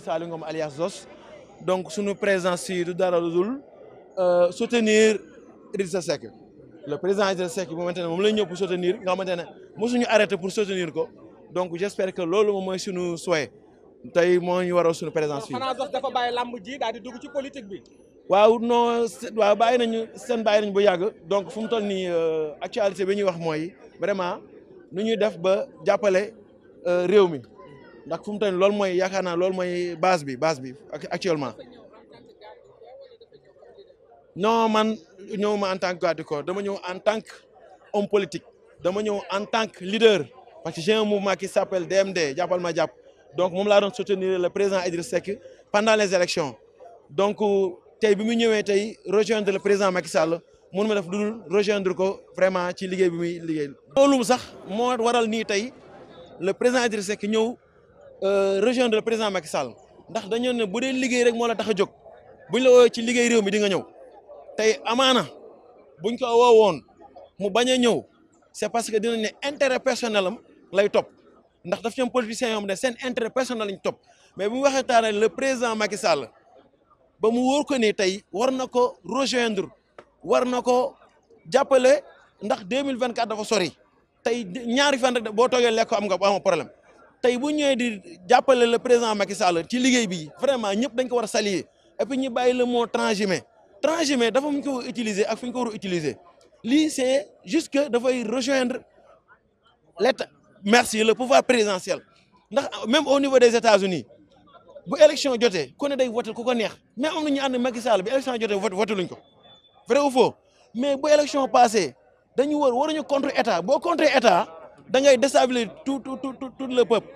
Saliou Ngom alias Zos donc suñu présence fii du dara lu dul euh, soutenir Idrissa Seck le président Idrissa Seck bu xamante ne moom la ñëw pour sotenir nga xamante ne mosuñu arrêté pour soutenir ko donc j'espère que loolu moom mooy sunu souhait tey moo ñu waral suñu présence fii. xanaa Zos dafa ji daal di dugg ci bi. waaw non waaw bàyyi nañu seen bàyyi nañu bu yàgg donc fu mu toll nii euh, actualité bi ñuy wax mooy vraiment nu ñuy def ba jàppale euh, réew mi. ndax fu mu toll loolu mooy yaakaar naa loolu mooy base bi base bi actuellement non man ñëw ma en tant que garde dama ñëw en tant que homme politique dama ñëw en tant que leader parce que j'ai un mouvement qui s'appelle DMD jàppal ma jàpp donc moom laa doon soutenir le président Idriss Seck pendant les élections donc tey bi mu ñëwee tey rejoindre le président Macky Sall mun ma def lu dul rejoindre ko vraiment ci liggéey bi muy liggéey loolu sax moo waral nii tey le président Idriss Seck Euh, région le président Macky Sall ndax dañoo ne bu dee liggéey rek moo la tax a jóg buñ la woowee ci liggéey réew mi di nga ñëw tey amaana buñ ko woo woon mu bañ a ñëw c'est parce que dinañ ne intérêt personnel am lay top ndax daf ñoom politiciens yoo ne seen intérêt personnel lañ topp mais mu waxee taa le président Macky Sall ba mu wóor ko ni tey war na ko rejoindre war na ko jàppale ndax 2024 dafa sori tey ñaari fan rek boo toogee lekk am nga am problème tey bu ñëwee di jàppale le président Macky Sall ci liggéey bi vraiment ñëpp dañ ko war a saluer et puis ñu bàyyi le mot transhumé transhumé dafa mu ko utiliser ak fu ñu ko war a utiliser lii c' est juste que dafay rejoindre l' merci le pouvoir présidentiel ndax même au niveau des États-Unis bu élection jote ku ne day voté ku ko neex mais am na ñu ànd Macky Sall bi élection jotee voté ko vrai ou faux mais bu élection passé dañu war waruñu contre état boo contre état. da ngay déstabiliser tout tout tout tout le peuple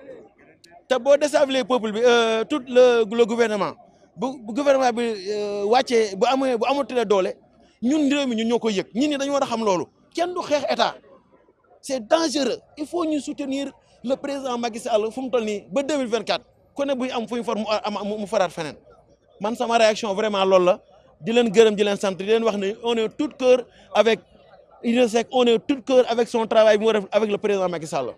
te boo déstabiliser peuple bi euh, tout le le gouvernement bu gouvernement bi euh, wàccee bu amee bu amatulee doole ñun réew mi ñun ñoo koy yëg ñun ñi dañu war a xam loolu kenn du xeex état c'est dangereux il faut ñu soutenir le président Macky Sall fu mu toll nii ba 2024 ku ne buy am fu ñu for mu mu faraat feneen man sama réaction vraiment loolu la di leen gërëm di leen sant di leen wax ne on tout cœur avec. Idrissa Seck on est tout cœur avec son travail bi mu def avec le président Macky Sall